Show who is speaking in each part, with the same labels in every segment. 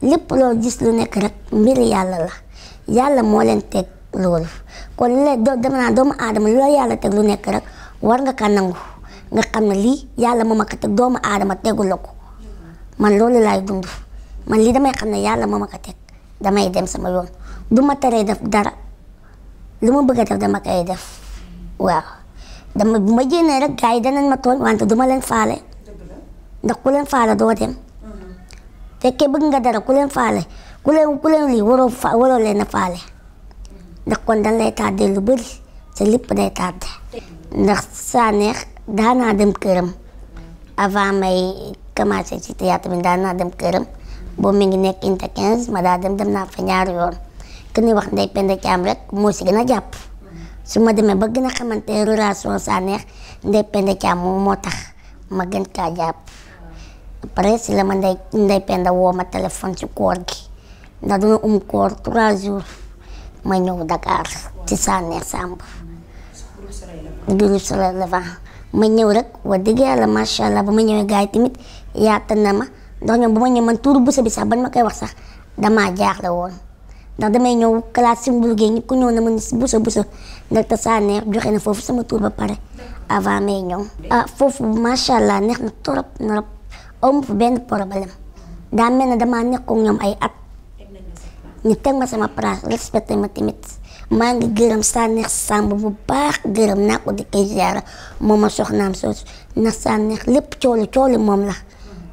Speaker 1: lépp loo gis lu nekk rek mbir yàlla la yàlla moo leen teg loolu kon lu leen dama naa doomu aadama loo yàlla teg lu nekk rek war nga ka nangu nga xam ne lii yàlla moo ma doomu aadama tegu man loolu laay dund man lii damay xam ne yàlla moo ma ko teg damay dem sama yoon du ma teree def dara lu ma bëgg a def dama koy def waaw dama bu ma génnee rek gars yi danañ ma tooñ wante du leen faale ndax ku leen faale doo dem. fekkee bëgg nga dara ku leen faale ku leen ku fa waroo leen a faale ndax kon dañ lay tàddee lu bëri sa lépp day tàddee ndax saa neex daanaa dem këram avant may commencé ci théâtre bi daanaa dem këram boobu mi ngi nekk inte ma daa dem dem naa fa ñaari yoon ku ñuy wax Ndeye Penda Thiam rek moo si gën a jàpp su ma demee ba gën a xamante relation saa neex Ndeye Penda Thiam moo tax ma gën kaa jàpp après si la ma ndey ndey Penda woo ma téléphone ci koor gi ndax dina um koor trois jours ma ñëw Dakar ci Sanex Samb groupe Soleil Levant ma ñëw rek waa dëgg yàlla macha allah ba ma ñëwee gars yi tamit yaata na ma ndax ñoom ba ma ñëw man tuur busa bi sax ban ma koy wax sax damaa jaaxle woon ndax damay ñëw classe si Mbour gi ñëpp ku ñëw na ma busa busa ndax te Sanex joxe na foofu sama tur ba pare avant may ñëw ah foofu macha allah neex na torop amu fa benn problème daa mel ne damaa nekkook ñoom ay at ñu teg sama place respecté ma tamit maa ngi gërëm Sanekh Samb bu baax gërëm naa ko di koy ziara moom ma soxnaam soosu na Sanekh lépp coolu coolu moom la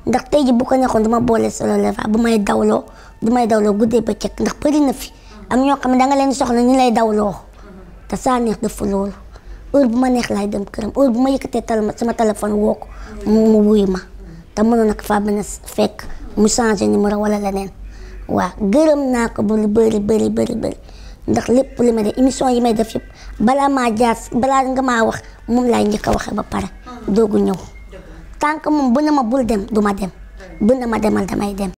Speaker 1: ndax tey ji bu ko nekkoon duma boole solo la bu may dawloo du may dawloo guddee bëccëg ndax përi na fi am ñoo xam ne danga leen soxna ñu lay dawloo te Sanekh dafa loolu heure bu ma neex laay dem këram heure bu ma yëkkatee tal sama téléphone wook mu wuyu ma te mënoon na ko faa mën a fekk mu changé numéro wala leneen waaw gërëm naa ko ba lu bëri bëri bëri ndax lépp li ma def émission yi may def yëpp balaa maa jaar balaa nga maa wax moom laay njëkk a waxee ba pare ah. doogu ñëw tant que moom bu ne ma bul dem du ma dem bu ne ma demal damay dem